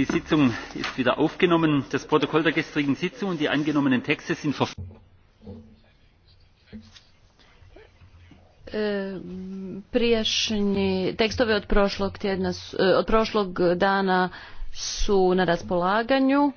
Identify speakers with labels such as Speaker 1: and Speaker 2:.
Speaker 1: die sitzung ist wieder aufgenommen. das protokoll der gestrigen sitzung und die angenommenen texte sind
Speaker 2: e, prijašnji tekstove od prošlog, tjedna, e, od prošlog dana su na raspolaganju.